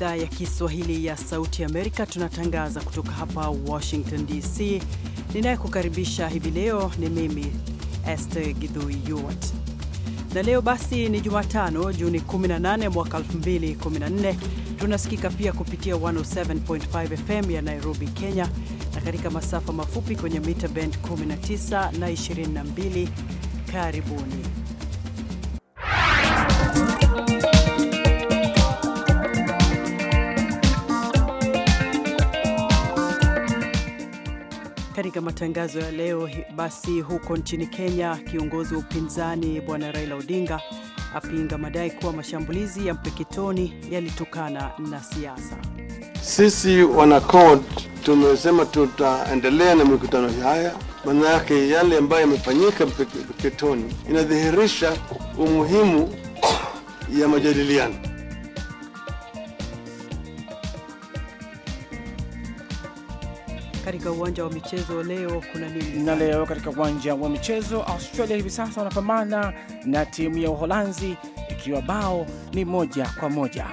idhaa ya Kiswahili ya Sauti Amerika. Tunatangaza kutoka hapa Washington DC. Ninayekukaribisha hivi leo ni mimi Esther Gidhui na leo basi ni Jumatano, Juni 18 mwaka 2014. Tunasikika pia kupitia 107.5 FM ya Nairobi, Kenya, na katika masafa mafupi kwenye mita bend 19 na 22. Karibuni. katika matangazo ya leo basi, huko nchini Kenya, kiongozi wa upinzani Bwana Raila Odinga apinga madai kuwa mashambulizi ya Mpeketoni yalitokana na siasa. Sisi wanakod tumesema tutaendelea na mikutano haya, maana yake yale ambayo yamefanyika Mpeketoni inadhihirisha umuhimu ya majadiliano. katika uwanja wa michezo leo kuna nini? Na leo katika uwanja wa michezo, Australia hivi sasa wanapambana na timu ya Uholanzi ikiwa bao ni moja kwa moja.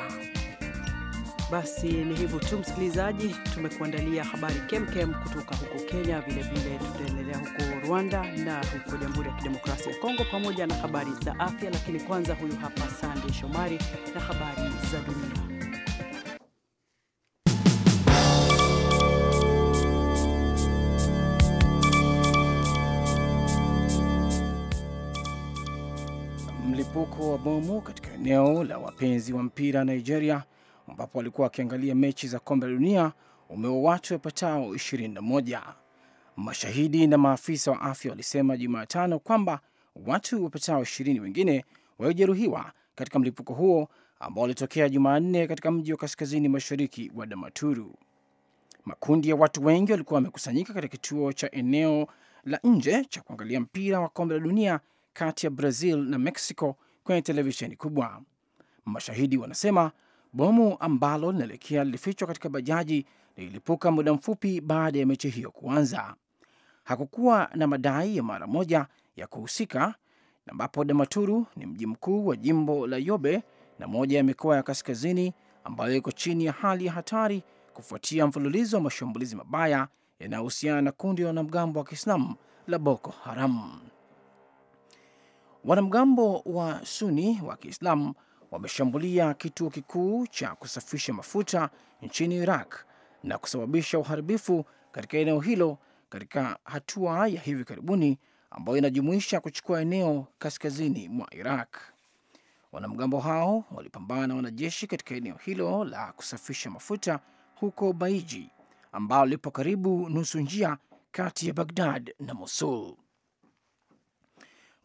Basi ni hivyo tu, msikilizaji, tumekuandalia habari kemkem kutoka huko Kenya, vilevile tutaendelea huko Rwanda na huko Jamhuri ya Kidemokrasia ya Kongo, pamoja na habari za afya. Lakini kwanza, huyu hapa Sande Shomari na habari za dunia. Mlipuko wa bomu katika eneo la wapenzi wa mpira Nigeria, ambapo walikuwa wakiangalia mechi za kombe la dunia umeua watu wapatao 21. Mashahidi na maafisa wa afya walisema Jumatano kwamba watu wapatao 20 wengine waliojeruhiwa katika mlipuko huo ambao walitokea Jumanne katika mji wa kaskazini mashariki wa Damaturu. Makundi ya watu wengi walikuwa wamekusanyika katika kituo cha eneo la nje cha kuangalia mpira wa kombe la dunia kati ya Brazil na Mexico kwenye televisheni kubwa. Mashahidi wanasema bomu ambalo linaelekea lilifichwa katika bajaji lililipuka muda mfupi baada ya mechi hiyo kuanza. Hakukuwa na madai ya mara moja ya kuhusika, ambapo Damaturu ni mji mkuu wa jimbo la Yobe na moja ya mikoa ya kaskazini ambayo iko chini ya hali ya hatari kufuatia mfululizo wa mashambulizi mabaya yanayohusiana na kundi la wanamgambo wa Kiislamu la Boko Haram. Wanamgambo wa Suni wa Kiislamu wameshambulia kituo kikuu cha kusafisha mafuta nchini Iraq na kusababisha uharibifu katika eneo hilo katika hatua ya hivi karibuni ambayo inajumuisha kuchukua eneo kaskazini mwa Iraq. Wanamgambo hao walipambana na wanajeshi katika eneo hilo la kusafisha mafuta huko Baiji ambalo lipo karibu nusu njia kati ya Bagdad na Mosul.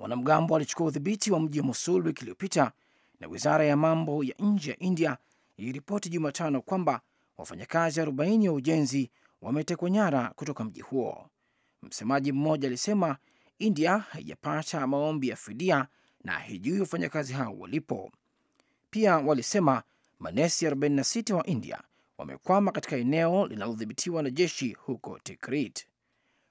Wanamgambo walichukua udhibiti wa mji wa Mosul wiki iliyopita, na wizara ya mambo ya nje ya India iliripoti Jumatano kwamba wafanyakazi 40 wa ujenzi wametekwa nyara kutoka mji huo. Msemaji mmoja alisema India haijapata maombi ya fidia na haijui wafanyakazi hao walipo. Pia walisema manesi 46 wa India wamekwama katika eneo linalodhibitiwa na jeshi huko Tikrit.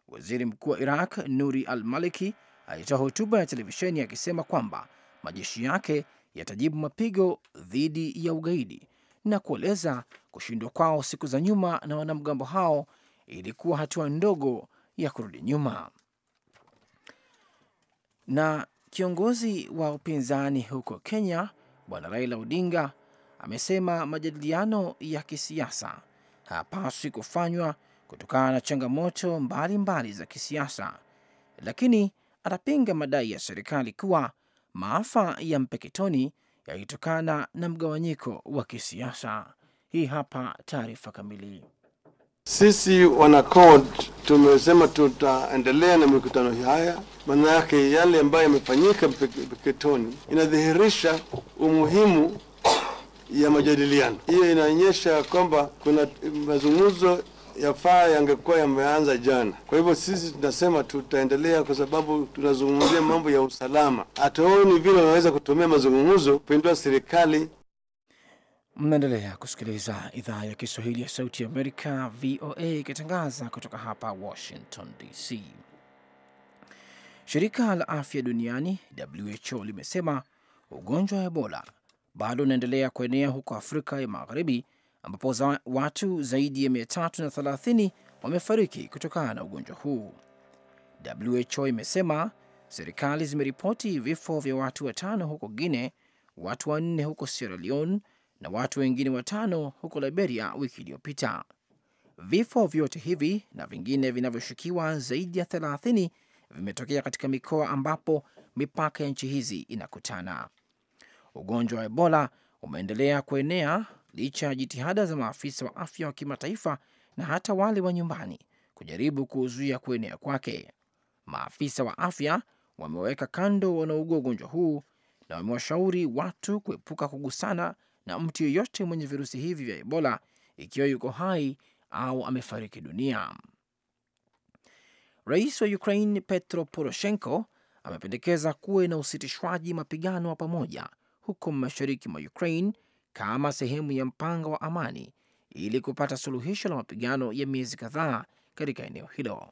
Waziri mkuu wa Iraq Nuri al Maliki alitoa hotuba ya televisheni akisema kwamba majeshi yake yatajibu mapigo dhidi ya ugaidi na kueleza kushindwa kwao siku za nyuma na wanamgambo hao ilikuwa hatua ndogo ya kurudi nyuma. Na kiongozi wa upinzani huko Kenya Bwana Raila Odinga amesema majadiliano ya kisiasa hapaswi kufanywa kutokana na changamoto mbalimbali mbali za kisiasa, lakini anapinga madai ya serikali kuwa maafa ya Mpeketoni yalitokana na mgawanyiko wa kisiasa. Hii hapa taarifa kamili. Sisi wanakod tumesema tutaendelea na mikutano haya, maana yake yale ambayo yamefanyika Mpeketoni inadhihirisha umuhimu ya majadiliano. Hiyo inaonyesha kwamba kuna mazungumzo yafaa yangekuwa yameanza jana. Kwa hivyo sisi tunasema tutaendelea, kwa sababu tunazungumzia mambo ya usalama. Hatuoni vile wanaweza kutumia mazungumzo kupindua serikali. Mnaendelea kusikiliza idhaa ya Kiswahili ya Sauti ya Amerika, VOA, ikitangaza kutoka hapa Washington DC. Shirika la Afya Duniani, WHO, limesema ugonjwa wa Ebola bado unaendelea kuenea huko Afrika ya Magharibi ambapo za watu zaidi ya 330 wamefariki kutokana na ugonjwa huu. WHO imesema serikali zimeripoti vifo vya watu watano huko Guine, watu wanne huko Sierra Leone na watu wengine watano huko Liberia wiki iliyopita. Vifo vyote hivi na vingine vinavyoshukiwa zaidi ya 30 vimetokea katika mikoa ambapo mipaka ya nchi hizi inakutana. Ugonjwa wa Ebola umeendelea kuenea licha ya jitihada za maafisa wa afya wa kimataifa na hata wale wa nyumbani kujaribu kuzuia kuenea kwake. Maafisa wa afya wameweka kando wanaougua ugonjwa huu na wamewashauri watu kuepuka kugusana na mtu yeyote mwenye virusi hivi vya Ebola ikiwa yuko hai au amefariki dunia. Rais wa Ukraine Petro Poroshenko amependekeza kuwe na usitishwaji mapigano wa pamoja huko mashariki mwa Ukraine kama sehemu ya mpango wa amani ili kupata suluhisho la mapigano ya miezi kadhaa katika eneo hilo.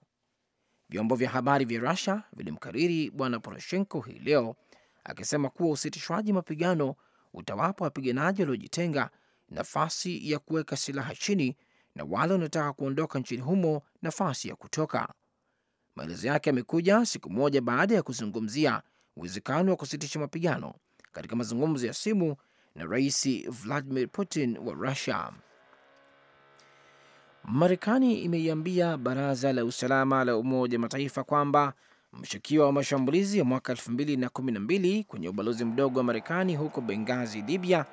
Vyombo vya habari vya Rusia vilimkariri bwana Poroshenko hii leo akisema kuwa usitishwaji mapigano utawapa wapiganaji waliojitenga nafasi ya kuweka silaha chini na wale wanaotaka kuondoka nchini humo nafasi ya kutoka. Maelezo yake yamekuja siku moja baada ya kuzungumzia uwezekano wa kusitisha mapigano katika mazungumzo ya simu na Rais Vladimir Putin wa Russia. Marekani imeiambia Baraza la Usalama la Umoja wa Mataifa kwamba mshukiwa wa mashambulizi ya mwaka 2012 kwenye ubalozi mdogo wa Marekani huko bengazi Libya,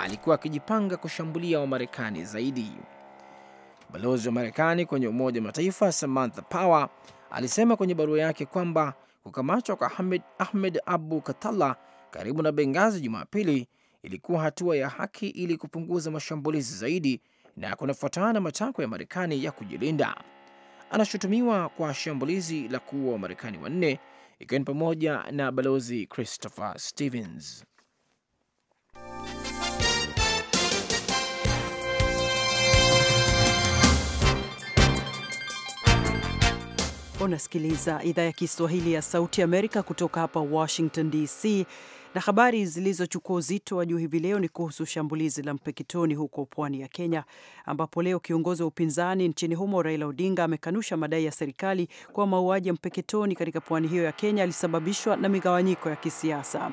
alikuwa akijipanga kushambulia Wamarekani zaidi. Balozi wa Marekani kwenye Umoja wa Mataifa Samantha Power alisema kwenye barua yake kwamba kukamatwa kwa Ahmed Abu katala karibu na bengazi Jumapili ilikuwa hatua ya haki ili kupunguza mashambulizi zaidi na kunafuatana na matakwa ya Marekani ya kujilinda. Anashutumiwa kwa shambulizi la kuua Wamarekani wanne ikiwa ni pamoja na balozi Christopher Stevens. Unasikiliza idhaa ya Kiswahili ya Sauti Amerika kutoka hapa Washington DC. Na habari zilizochukua uzito wa juu hivi leo ni kuhusu shambulizi la Mpeketoni huko pwani ya Kenya, ambapo leo kiongozi wa upinzani nchini humo Raila Odinga amekanusha madai ya serikali kuwa mauaji ya Mpeketoni katika pwani hiyo ya Kenya yalisababishwa na migawanyiko ya kisiasa.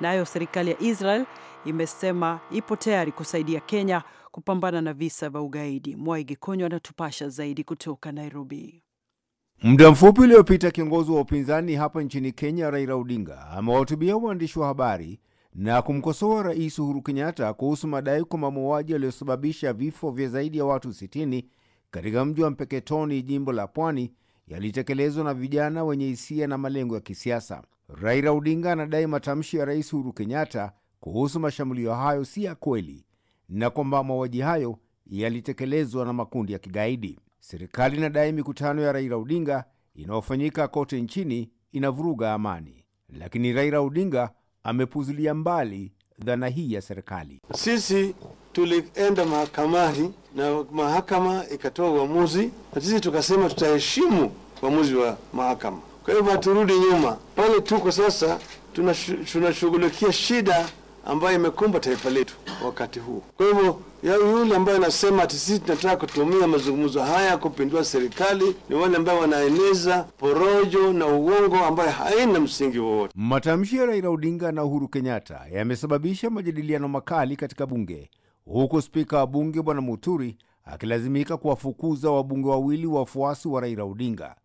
Nayo na serikali ya Israel imesema ipo tayari kusaidia Kenya kupambana na visa vya ugaidi. Mwaigi Konyo anatupasha zaidi kutoka Nairobi. Muda mfupi uliopita kiongozi wa upinzani hapa nchini Kenya, Raila Odinga, amewahutubia waandishi wa habari na kumkosoa Rais Uhuru Kenyatta kuhusu madai kwamba mauaji yaliyosababisha vifo vya zaidi ya watu 60 katika mji wa Mpeketoni, jimbo la Pwani, yalitekelezwa na vijana wenye hisia na malengo ya kisiasa. Raila Odinga anadai matamshi ya Rais Uhuru Kenyatta kuhusu mashambulio hayo si ya kweli na kwamba mauaji hayo yalitekelezwa na makundi ya kigaidi serikali inadai mikutano ya Raila Odinga inayofanyika kote nchini inavuruga amani, lakini Raila Odinga amepuzulia mbali dhana hii ya serikali. Sisi tulienda mahakamani na mahakama ikatoa uamuzi, na sisi tukasema tutaheshimu uamuzi wa mahakama. Kwa hivyo haturudi nyuma, pale tuko sasa tunashughulikia shida ambayo imekumba taifa letu wakati huu. Kwa hivyo yule ambaye anasema ati sisi tunataka kutumia mazungumzo haya kupindua serikali ni wale ambayo wanaeneza porojo na uongo ambayo haina msingi wowote. Matamshi ya Raila Odinga na Uhuru Kenyatta yamesababisha majadiliano makali katika bunge, huku spika wa bunge Bwana Muturi akilazimika kuwafukuza wabunge wawili wafuasi wa Raila Odinga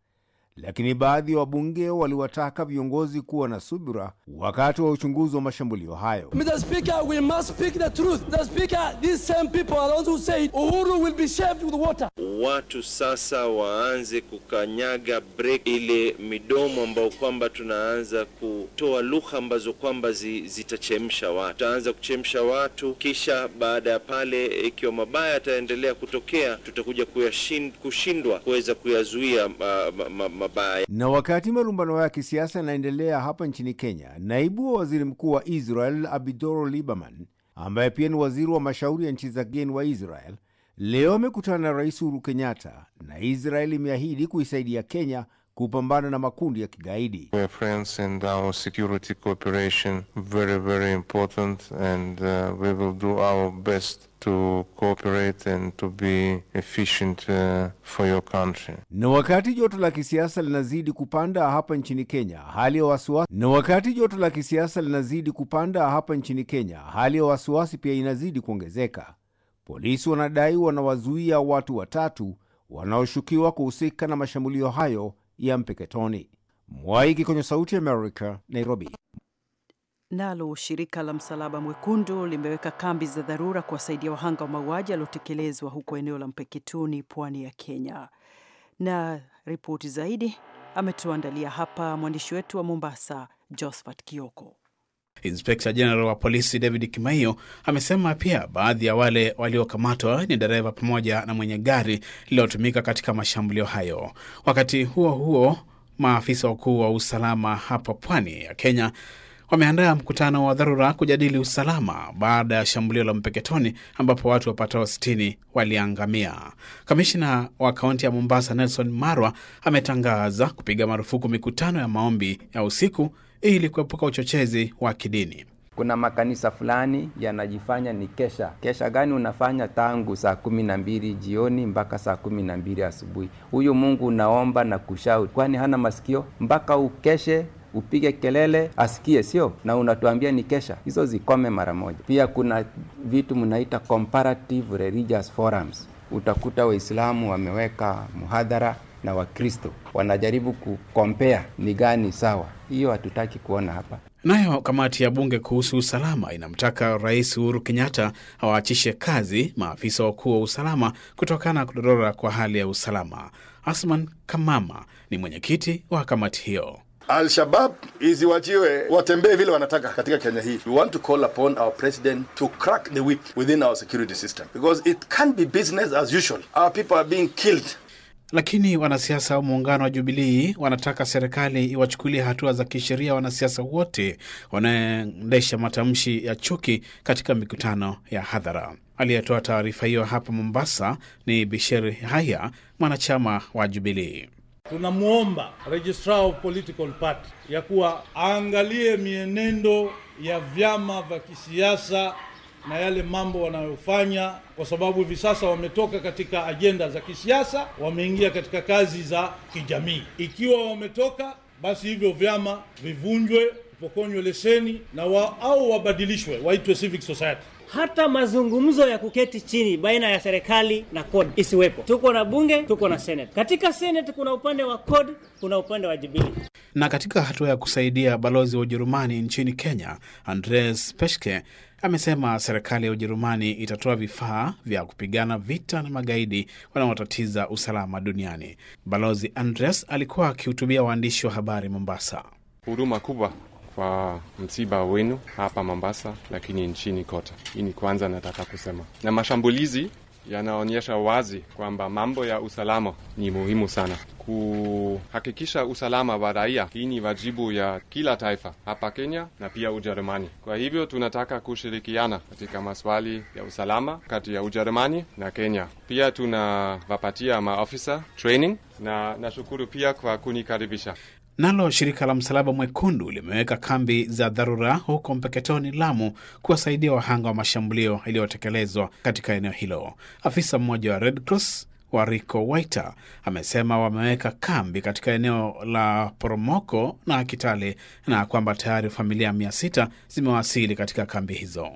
lakini baadhi ya wabunge waliwataka viongozi kuwa na subira wakati wa uchunguzi wa mashambulio hayo. Mr. Speaker, we must speak the truth. Speaker, these same people are those who say Uhuru will be shaved with water. Watu sasa waanze kukanyaga break ile midomo ambayo kwamba tunaanza kutoa lugha ambazo kwamba zi, zitachemsha watu, tutaanza kuchemsha watu, kisha baada ya pale, ikiwa mabaya yataendelea kutokea, tutakuja kushindwa kuweza kuyazuia uh, ma, ma, ma, mabaya. Na wakati marumbano ya kisiasa yanaendelea hapa nchini Kenya, naibu wa waziri mkuu wa Israel Abidoro Liberman, ambaye pia ni waziri wa mashauri ya nchi za kigeni wa Israel, leo amekutana na Rais Uhuru Kenyatta, na Israel imeahidi kuisaidia Kenya kupambana na makundi ya kigaidi. We are friends and our security cooperation very very important and uh, we will do our best To cooperate and to be efficient, uh, for your country. Na wakati joto la kisiasa linazidi kupanda hapa nchini Kenya, hali ya wasiwasi na wakati joto la kisiasa linazidi kupanda hapa nchini Kenya, hali ya wasiwasi pia inazidi kuongezeka. Polisi wanadai wanawazuia watu watatu wanaoshukiwa kuhusika na mashambulio hayo ya Mpeketoni. Mwaiki kwenye Sauti ya America, Nairobi. Nalo shirika la Msalaba Mwekundu limeweka kambi za dharura kuwasaidia wahanga wa mauaji yaliyotekelezwa huko eneo la Mpeketuni, pwani ya Kenya. Na ripoti zaidi ametuandalia hapa mwandishi wetu wa Mombasa, Josphat Kioko. Inspekta Jeneral wa polisi David kimaio amesema pia baadhi ya wale waliokamatwa ni dereva pamoja na mwenye gari lililotumika katika mashambulio hayo. Wakati huo huo, maafisa wakuu wa usalama hapa pwani ya Kenya wameandaa mkutano wa dharura kujadili usalama baada ya shambulio la Mpeketoni ambapo watu wapatao 60 waliangamia. Kamishna wa kaunti ya Mombasa Nelson Marwa ametangaza kupiga marufuku mikutano ya maombi ya usiku ili kuepuka uchochezi wa kidini. Kuna makanisa fulani yanajifanya ni kesha. Kesha gani unafanya? Tangu saa kumi na mbili jioni mpaka saa kumi na mbili asubuhi. Huyu Mungu unaomba na kushauri, kwani hana masikio? Mpaka ukeshe upige kelele asikie, sio na unatuambia ni kesha. Hizo zikome mara moja. Pia kuna vitu mnaita comparative religious forums. Utakuta Waislamu wameweka mhadhara na Wakristo wanajaribu kukompea ni gani sawa. Hiyo hatutaki kuona hapa. Nayo kamati ya bunge kuhusu usalama inamtaka Rais Uhuru Kenyatta awaachishe kazi maafisa wakuu wa usalama kutokana na kudorora kwa hali ya usalama. Asman Kamama ni mwenyekiti wa kamati hiyo. Al-Shabab iziwachiwe watembee vile wanataka katika Kenya hii. We want to call upon our president to crack the whip within our security system because it can't be business as usual. Our people are being killed. Lakini wanasiasa wa muungano wa Jubilii wanataka serikali iwachukulie hatua za kisheria wanasiasa wote wanaendesha matamshi ya chuki katika mikutano ya hadhara. Aliyetoa taarifa hiyo hapa Mombasa ni Bishir Haya, mwanachama wa Jubilii tunamwomba registrar of political party ya kuwa aangalie mienendo ya vyama vya kisiasa na yale mambo wanayofanya, kwa sababu hivi sasa wametoka katika ajenda za kisiasa, wameingia katika kazi za kijamii. Ikiwa wametoka, basi hivyo vyama vivunjwe, vipokonywe leseni na wa, au wabadilishwe waitwe civic society hata mazungumzo ya kuketi chini baina ya serikali na CORD isiwepo. Tuko na bunge, tuko na senate. Katika senate kuna upande wa CORD, kuna upande wa Jubilee. Na katika hatua ya kusaidia, balozi wa Ujerumani nchini Kenya Andres Peshke amesema serikali ya Ujerumani itatoa vifaa vya kupigana vita na magaidi wanaotatiza usalama duniani. Balozi Andres alikuwa akihutubia waandishi wa habari Mombasa. huduma kubwa kwa msiba wenu hapa Mombasa, lakini nchini kote. Hii ni kwanza nataka kusema, na mashambulizi yanaonyesha wazi kwamba mambo ya usalama ni muhimu sana. Kuhakikisha usalama wa raia, hii ni wajibu ya kila taifa hapa Kenya na pia Ujerumani. Kwa hivyo tunataka kushirikiana katika maswali ya usalama kati ya Ujerumani na Kenya. Pia tunawapatia maofisa training, na nashukuru pia kwa kunikaribisha. Nalo shirika la Msalaba Mwekundu limeweka kambi za dharura huko Mpeketoni, Lamu, kuwasaidia wahanga wa mashambulio yaliyotekelezwa katika eneo hilo. Afisa mmoja wa Red Cross Wariko Waita amesema wameweka kambi katika eneo la Poromoko na Kitale na kwamba tayari familia mia sita zimewasili katika kambi hizo.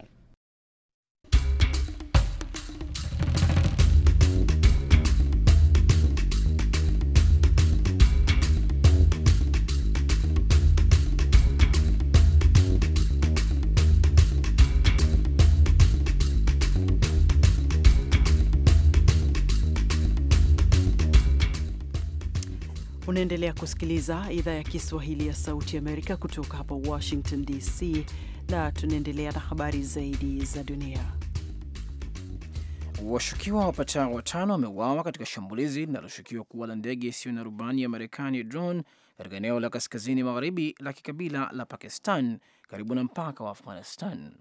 Unaendelea kusikiliza idhaa ya Kiswahili ya Sauti Amerika kutoka hapa Washington DC, na tunaendelea na habari zaidi za dunia. Washukiwa wapatao watano wameuawa katika shambulizi linaloshukiwa kuwa la ndege isiyo na rubani ya Marekani, drone, katika eneo la kaskazini magharibi la kikabila la Pakistan karibu na mpaka wa Afghanistan.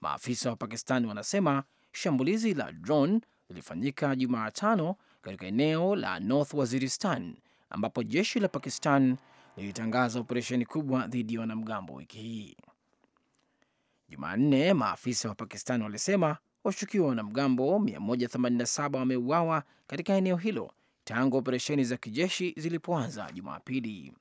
Maafisa wa Pakistan wanasema shambulizi la drone lilifanyika Jumatano katika eneo la North Waziristan ambapo jeshi la Pakistan lilitangaza operesheni kubwa dhidi ya wanamgambo wiki hii. Jumanne, maafisa wa Pakistan walisema washukiwa wanamgambo 187 wameuawa katika eneo hilo tangu operesheni za kijeshi zilipoanza Jumapili.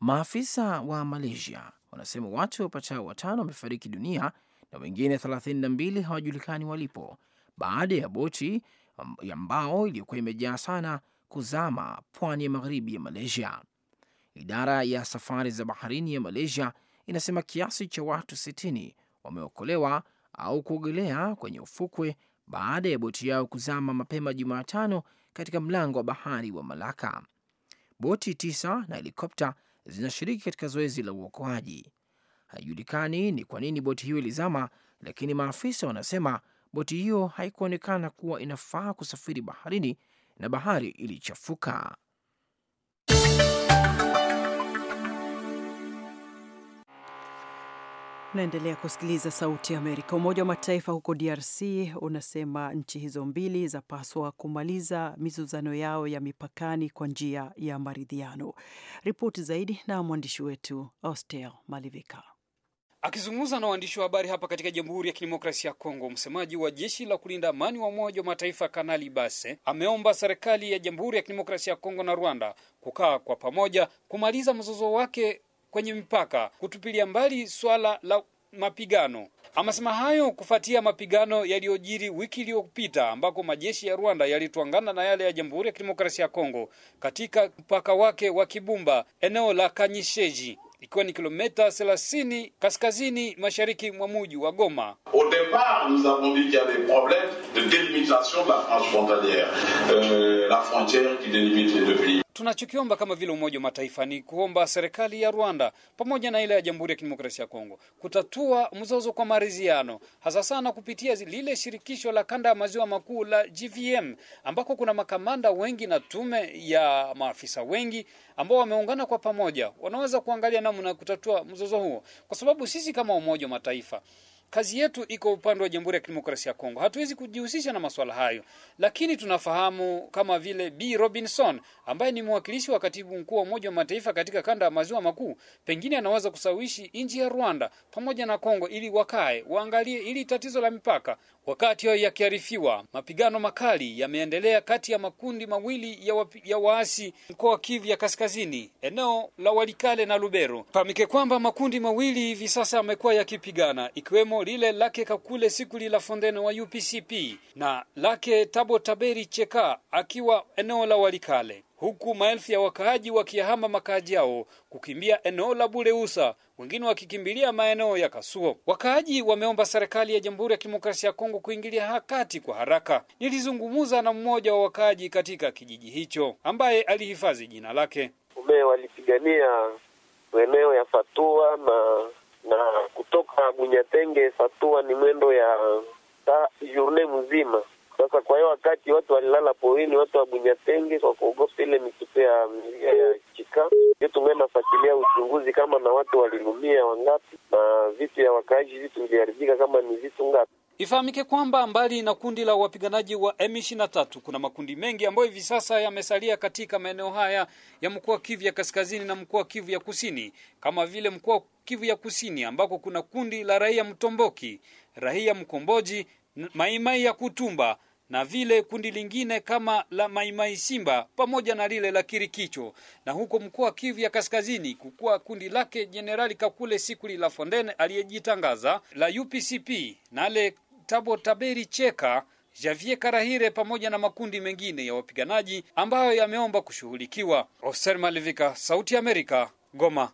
Maafisa wa Malaysia wanasema watu wapatao watano wamefariki dunia na wengine 32 hawajulikani walipo baada ya boti ya mbao iliyokuwa imejaa sana kuzama pwani ya magharibi ya Malaysia. Idara ya safari za baharini ya Malaysia inasema kiasi cha watu 60 wameokolewa au kuogelea kwenye ufukwe baada ya boti yao kuzama mapema Jumatano katika mlango wa bahari wa Malaka. Boti tisa na helikopta zinashiriki katika zoezi la uokoaji. Haijulikani ni kwa nini boti hiyo ilizama, lakini maafisa wanasema boti hiyo haikuonekana kuwa inafaa kusafiri baharini na bahari ilichafuka. Unaendelea kusikiliza Sauti ya Amerika. Umoja wa Mataifa huko DRC unasema nchi hizo mbili zapaswa kumaliza mizuzano yao ya mipakani kwa njia ya maridhiano. Ripoti zaidi na mwandishi wetu Austel Malivika. Akizungumza na waandishi wa habari hapa katika Jamhuri ya Kidemokrasia ya Kongo, msemaji wa jeshi la kulinda amani wa Umoja wa Mataifa Kanali Base ameomba serikali ya Jamhuri ya Kidemokrasia ya Kongo na Rwanda kukaa kwa pamoja kumaliza mzozo wake kwenye mipaka, kutupilia mbali swala la mapigano. Amesema hayo kufuatia mapigano yaliyojiri wiki iliyopita ambako majeshi ya Rwanda yalitwangana na yale ya Jamhuri ya Kidemokrasia ya Kongo katika mpaka wake wa Kibumba, eneo la Kanyisheji ikiwa ni kilomita 30 kaskazini mashariki mwa mji wa Goma départ, nous avons dit qu'il y a des problèmes de délimitation de la France frontalière, euh, la frontière qui délimite les deux pays. Tunachokiomba kama vile Umoja wa Mataifa ni kuomba serikali ya Rwanda pamoja na ile ya Jamhuri ya Kidemokrasia ya Kongo kutatua mzozo kwa maridhiano, hasa sana kupitia lile shirikisho la kanda ya maziwa makuu la GVM, ambako kuna makamanda wengi na tume ya maafisa wengi ambao wameungana kwa pamoja, wanaweza kuangalia namna ya kutatua mzozo huo, kwa sababu sisi kama Umoja wa Mataifa Kazi yetu iko upande wa Jamhuri ya Kidemokrasia ya Kongo, hatuwezi kujihusisha na masuala hayo, lakini tunafahamu kama vile B Robinson ambaye ni mwakilishi wa katibu mkuu wa Umoja wa Mataifa katika kanda ya maziwa makuu, pengine anaweza kusawishi nchi ya Rwanda pamoja na Kongo ili wakae waangalie ili tatizo la mipaka Wakati hayo yakiarifiwa, mapigano makali yameendelea kati ya makundi mawili ya, wa, ya waasi mkoa wa Kivu ya kaskazini eneo la Walikale na Lubero. Fahamike kwamba makundi mawili hivi sasa yamekuwa yakipigana ikiwemo lile lake Kakule Sikuli la Fondene wa UPCP na lake Tabo Taberi Cheka akiwa eneo la Walikale huku maelfu ya wakaaji wakiyahama makaaji yao kukimbia eneo la Buleusa, wengine wakikimbilia maeneo ya Kasuo. Wakaaji wameomba serikali ya Jamhuri ya Kidemokrasia ya Kongo kuingilia hakati kwa haraka. Nilizungumza na mmoja wa wakaaji katika kijiji hicho ambaye alihifadhi jina lake. Ume walipigania eneo ya Fatua na na kutoka Bunyatenge Fatua ni mwendo ya ta journee mzima sasa kwa hiyo wakati watu walilala porini, watu wa Bunyatenge kwa kuogopa ile mitupe ya milia ya chika, hiyo tumeenda fuatilia uchunguzi kama na watu walilumia wangapi na vitu ya wakaaji, vitu viliharibika kama ni vitu ngapi. Ifahamike kwamba mbali na kundi la wapiganaji wa M23 kuna makundi mengi ambayo hivi sasa yamesalia katika maeneo haya ya mkoa Kivu ya Kaskazini na mkoa Kivu ya Kusini, kama vile mkoa Kivu ya Kusini ambako kuna kundi la raia mtomboki, raia mkomboji, maimai ya kutumba na vile kundi lingine kama la Maimai Simba pamoja na lile la Kirikicho, na huko mkoa Kivu ya Kaskazini kukuwa kundi lake Jenerali Kakule Sikuli la Fondene aliyejitangaza la UPCP nale Tabo Taberi Cheka Javier Karahire pamoja na makundi mengine ya wapiganaji ambayo yameomba kushughulikiwa. Oser Malivika, Sauti ya Amerika, Goma.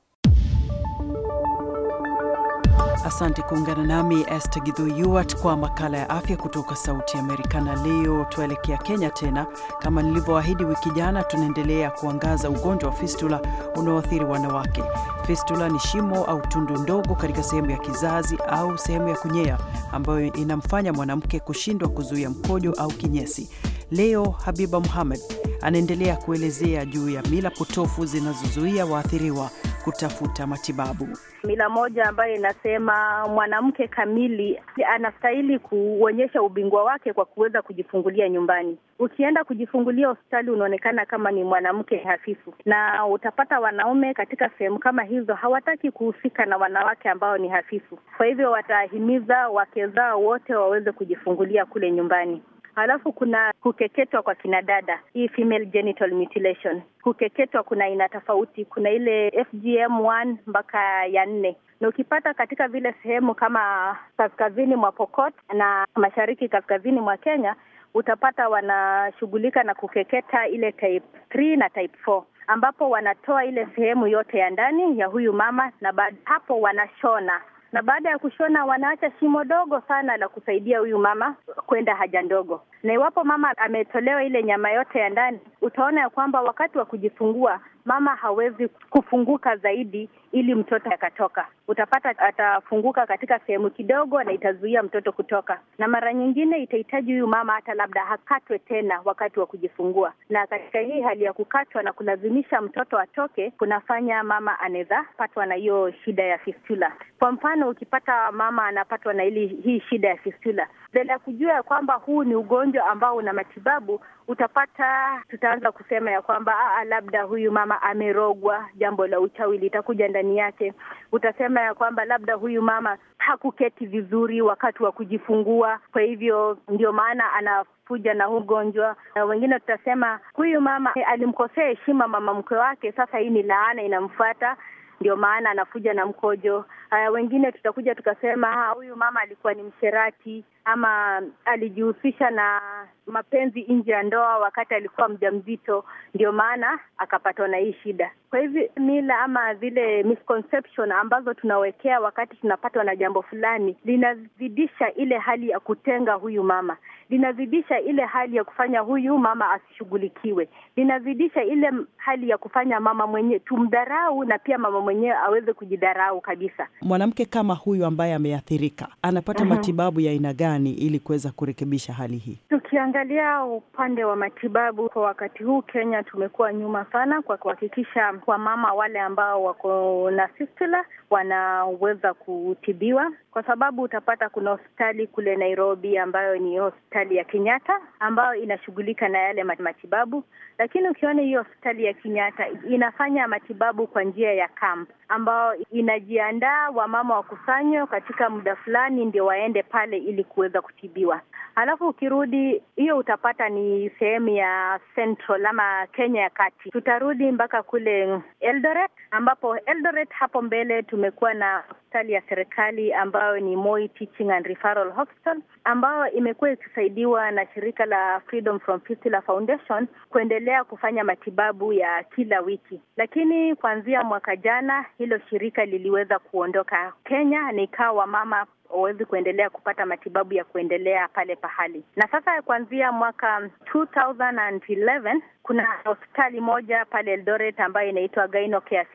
Asante kuungana nami Esther Githu kwa makala ya afya kutoka Sauti Amerika. Na leo tuelekea Kenya tena. Kama nilivyoahidi wiki jana, tunaendelea kuangaza ugonjwa wa fistula unaoathiri wanawake. Fistula ni shimo au tundu ndogo katika sehemu ya kizazi au sehemu ya kunyea ambayo inamfanya mwanamke kushindwa kuzuia mkojo au kinyesi. Leo Habiba Muhamed anaendelea kuelezea juu ya mila potofu zinazozuia waathiriwa kutafuta matibabu. Mila moja ambayo inasema mwanamke kamili anastahili kuonyesha ubingwa wake kwa kuweza kujifungulia nyumbani. Ukienda kujifungulia hospitali unaonekana kama ni mwanamke hafifu, na utapata wanaume katika sehemu kama hizo hawataki kuhusika na wanawake ambao ni hafifu. Kwa hivyo watahimiza wake zao wote waweze kujifungulia kule nyumbani. Halafu kuna kukeketwa kwa kinadada, hii female genital mutilation. Kukeketwa kuna aina tofauti, kuna ile FGM 1 mpaka ya nne na ukipata katika vile sehemu kama kaskazini mwa Pokot na mashariki kaskazini mwa Kenya utapata wanashughulika na kukeketa ile type 3 na type 4 ambapo wanatoa ile sehemu yote ya ndani ya huyu mama na baada hapo wanashona na baada ya kushona wanaacha shimo dogo sana la kusaidia huyu mama kwenda haja ndogo. Na iwapo mama ametolewa ile nyama yote ya ndani, utaona ya kwamba wakati wa kujifungua mama hawezi kufunguka zaidi ili mtoto akatoka. Utapata atafunguka katika sehemu kidogo, na itazuia mtoto kutoka, na mara nyingine itahitaji huyu mama hata labda hakatwe tena wakati wa kujifungua. Na katika hii hali ya kukatwa na kulazimisha mtoto atoke, kunafanya mama anaweza patwa na hiyo shida ya fistula. Kwa mfano, ukipata mama anapatwa na ili hii shida ya fistula, badala ya kujua ya kwamba huu ni ugonjwa ambao una matibabu, utapata tutaanza kusema ya kwamba aa, ah, ah, labda huyu mama amerogwa, jambo la uchawi litakuja ndani yake. Utasema ya kwamba labda huyu mama hakuketi vizuri wakati wa kujifungua, kwa hivyo ndio maana ana kuja na huu ugonjwa. Na wengine tutasema huyu mama alimkosea heshima mama mkwe wake, sasa hii ni laana inamfuata, ndio maana anakuja na mkojo uh, wengine tutakuja tukasema ah, huyu mama alikuwa ni msherati ama alijihusisha na mapenzi nje ya ndoa wakati alikuwa mja mzito ndio maana akapatwa na hii shida. Kwa hivi mila ama zile misconception ambazo tunawekea wakati tunapatwa na jambo fulani, linazidisha ile hali ya kutenga huyu mama, linazidisha ile hali ya kufanya huyu mama asishughulikiwe, linazidisha ile hali ya kufanya mama mwenyewe tumdharau, na pia mama mwenyewe aweze kujidharau kabisa. Mwanamke kama huyu ambaye ameathirika anapata mm -hmm. matibabu ya aina gani ili kuweza kurekebisha hali hii? Tukiangalia upande wa matibabu kwa wakati huu, Kenya tumekuwa nyuma sana kwa kuhakikisha wamama wale ambao wako na fistula wanaweza kutibiwa kwa sababu utapata kuna hospitali kule Nairobi ambayo ni hospitali ya Kenyatta ambayo inashughulika na yale matibabu, lakini ukiona hiyo hospitali ya Kenyatta inafanya matibabu kwa njia ya camp, ambayo inajiandaa wamama wakusanywe katika muda fulani ndio waende pale ili kuweza kutibiwa. alafu ukirudi hiyo utapata ni sehemu ya Central ama Kenya ya kati. Tutarudi mpaka kule Eldoret, ambapo Eldoret hapo mbele tumekuwa na hospitali ya serikali amba ambayo ni Moi Teaching and Referral Hospital ambayo imekuwa ikisaidiwa na shirika la Freedom From Fistula Foundation kuendelea kufanya matibabu ya kila wiki, lakini kuanzia mwaka jana hilo shirika liliweza kuondoka Kenya na ikawa mama wawezi kuendelea kupata matibabu ya kuendelea pale pahali. Na sasa kuanzia mwaka 2011 kuna hospitali moja pale Eldoret ambayo inaitwa Gaino Care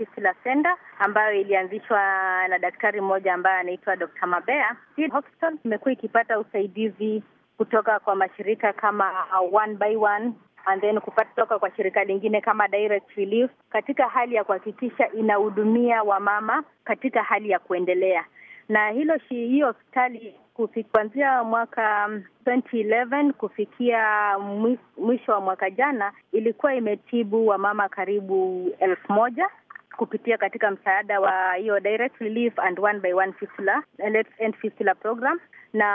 Center ambayo ilianzishwa na daktari mmoja ambaye anaitwa Dr. Mabea. Hii hospital imekuwa ikipata usaidizi kutoka kwa mashirika kama One by One and then kupata kutoka kwa shirika lingine kama Direct Relief katika hali ya kuhakikisha inahudumia wamama katika hali ya kuendelea na hilo hiyo hospitali kuanzia mwaka 2011 mm, kufikia mwisho wa mwaka jana ilikuwa imetibu wamama karibu elfu moja kupitia katika msaada wa hiyo direct relief and one by one fistula fistula program. Na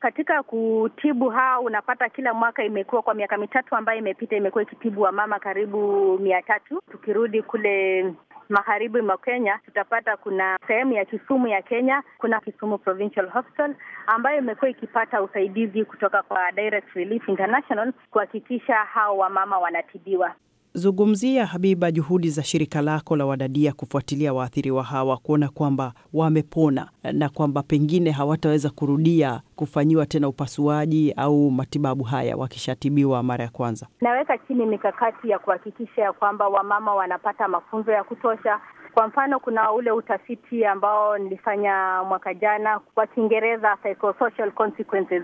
katika kutibu hao unapata kila mwaka imekuwa kwa miaka mitatu ambayo imepita imekuwa ikitibu wamama karibu mia tatu. Tukirudi kule magharibi mwa Kenya tutapata kuna sehemu ya Kisumu ya Kenya, kuna Kisumu Provincial Hospital ambayo imekuwa ikipata usaidizi kutoka kwa Direct Relief International kuhakikisha hao wamama wanatibiwa. Zungumzia Habiba, juhudi za shirika lako la Wadadia kufuatilia waathiriwa hawa kuona kwamba wamepona na kwamba pengine hawataweza kurudia kufanyiwa tena upasuaji au matibabu haya wakishatibiwa mara ya kwanza. Naweka chini mikakati ya kuhakikisha ya kwamba wamama wanapata mafunzo ya kutosha. Kwa mfano, kuna ule utafiti ambao nilifanya mwaka jana kwa Kiingereza, psychosocial consequences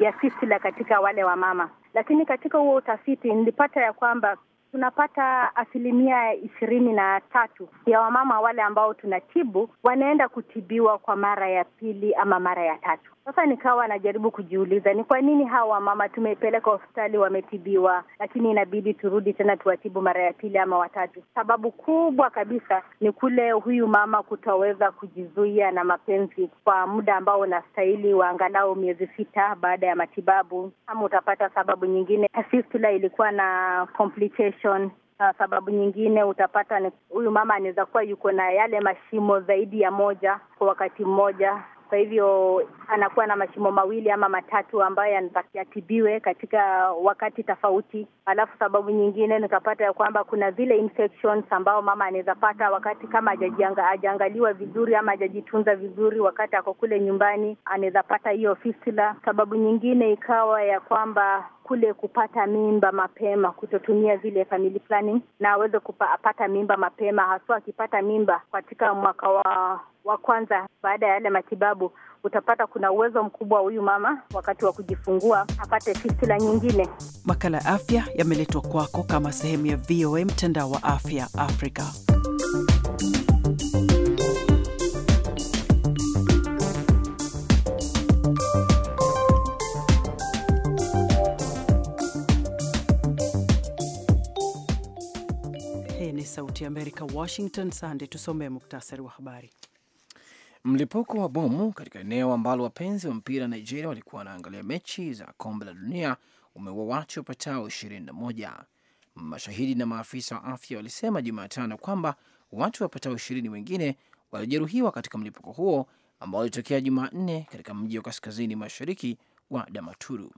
ya fistula katika wale wamama, lakini katika huo utafiti nilipata ya kwamba tunapata asilimia ishirini na tatu ya wamama wale ambao tunatibu wanaenda kutibiwa kwa mara ya pili ama mara ya tatu. Sasa nikawa najaribu kujiuliza ni kwa nini hawa mama tumepeleka hospitali wametibiwa, lakini inabidi turudi tena tuwatibu mara ya pili ama watatu. Sababu kubwa kabisa ni kule huyu mama kutoweza kujizuia na mapenzi kwa muda ambao unastahili wa angalau miezi sita baada ya matibabu, ama utapata sababu nyingine, fistula ilikuwa na complication. Uh, sababu nyingine utapata ni huyu mama anaweza kuwa yuko na yale mashimo zaidi ya moja kwa wakati mmoja, kwa hivyo anakuwa na mashimo mawili ama matatu ambayo yanatakiwa atibiwe katika wakati tofauti. Alafu sababu nyingine nikapata ya kwamba kuna vile infections ambao mama anaweza pata wakati kama hajaangaliwa vizuri ama hajajitunza vizuri wakati ako kule nyumbani, anaweza pata hiyo fistula. Sababu nyingine ikawa ya kwamba kule kupata mimba mapema, kutotumia vile family planning na aweze kupata mimba mapema, haswa akipata mimba katika mwaka wa wa kwanza baada ya yale matibabu, utapata kuna uwezo mkubwa huyu mama wakati wa kujifungua apate fistula nyingine. Makala ya afya yameletwa kwako kama sehemu ya VOA mtandao wa afya Afrika. Sauti ya Amerika, Washington. Sande, tusomee muktasari wa habari. Mlipuko wa bomu katika eneo ambalo wapenzi wa mpira Nigeria walikuwa wanaangalia mechi za kombe la dunia umeua watu wapatao ishirini moja. Mashahidi na maafisa wa afya walisema Jumatano kwamba watu wapatao ishirini wengine walijeruhiwa katika mlipuko huo ambao ulitokea Jumanne katika mji wa kaskazini mashariki wa Damaturu.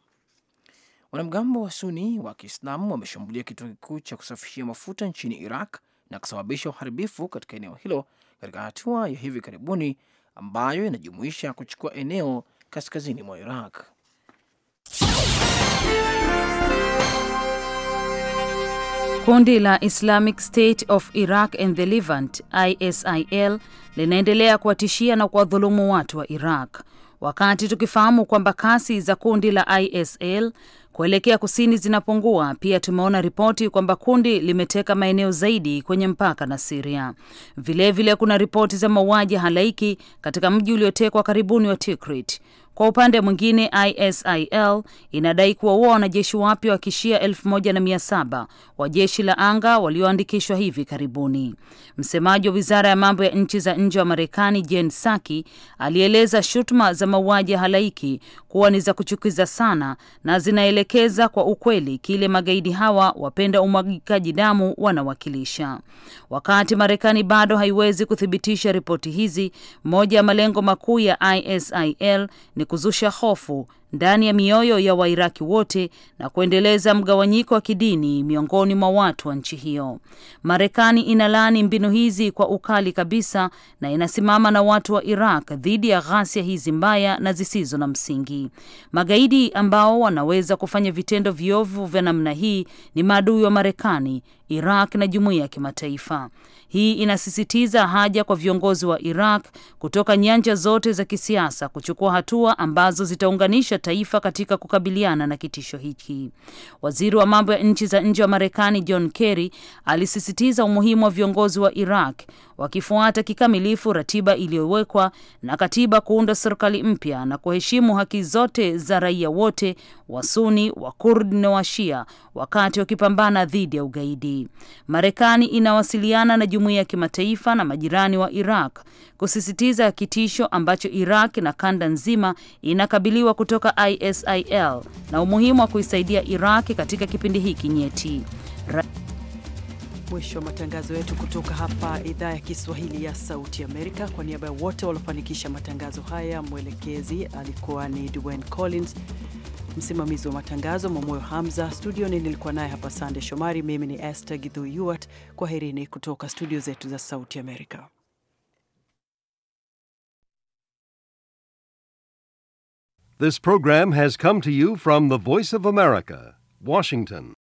Wanamgambo wa Suni wa Kiislamu wameshambulia kituo kikuu cha kusafishia mafuta nchini Iraq na kusababisha uharibifu katika eneo hilo katika hatua ya hivi karibuni ambayo inajumuisha kuchukua eneo kaskazini mwa Iraq. Kundi la Islamic State of Iraq and the Levant ISIL linaendelea kuwatishia na kuwadhulumu watu wa Iraq, wakati tukifahamu kwamba kasi za kundi la ISIL kuelekea kusini zinapungua. Pia tumeona ripoti kwamba kundi limeteka maeneo zaidi kwenye mpaka na Siria. Vilevile kuna ripoti za mauaji halaiki katika mji uliotekwa karibuni wa Tikrit. Kwa upande mwingine, ISIL inadai kuwaua wanajeshi wapya wa kishia 1700 wa jeshi la anga walioandikishwa hivi karibuni. Msemaji wa wizara ya mambo ya nchi za nje wa Marekani Jen Psaki alieleza shutuma za mauaji ya halaiki kuwa ni za kuchukiza sana na zinaelekeza kwa ukweli kile magaidi hawa wapenda umwagikaji damu wanawakilisha. Wakati Marekani bado haiwezi kuthibitisha ripoti hizi, moja ya malengo makuu ya ISIL ni ni kuzusha hofu ndani ya mioyo ya Wairaki wote na kuendeleza mgawanyiko wa kidini miongoni mwa watu wa nchi hiyo. Marekani inalaani mbinu hizi kwa ukali kabisa na inasimama na watu wa Iraq dhidi ya ghasia hizi mbaya na zisizo na msingi. Magaidi ambao wanaweza kufanya vitendo viovu vya namna hii ni maadui wa Marekani, Iraq na jumuiya ya kimataifa. Hii inasisitiza haja kwa viongozi wa Iraq kutoka nyanja zote za kisiasa kuchukua hatua ambazo zitaunganisha kuimarisha taifa katika kukabiliana na kitisho hiki. Waziri wa mambo ya nchi za nje wa Marekani John Kerry alisisitiza umuhimu wa viongozi wa Iraq wakifuata kikamilifu ratiba iliyowekwa na katiba kuunda serikali mpya na kuheshimu haki zote za raia wote wa Suni, wa Kurd na wa Shia wakati wakipambana dhidi ya ugaidi. Marekani inawasiliana na jumuiya ya kimataifa na majirani wa Iraq kusisitiza kitisho ambacho Iraq na kanda nzima inakabiliwa kutoka ISIL na umuhimu wa kuisaidia Iraq katika kipindi hiki nyeti. Ra mwisho wa matangazo yetu kutoka hapa idhaa ya Kiswahili ya Sauti Amerika. Kwa niaba ya wote waliofanikisha matangazo haya, mwelekezi alikuwa ni Dwayne Collins, msimamizi wa matangazo Mwamoyo Hamza, studioni nilikuwa naye hapa Sande Shomari, mimi ni Esther Githu Yuart. Kwa herini kutoka studio zetu za Sauti Amerika. This program has come to you from the Voice of America, Washington.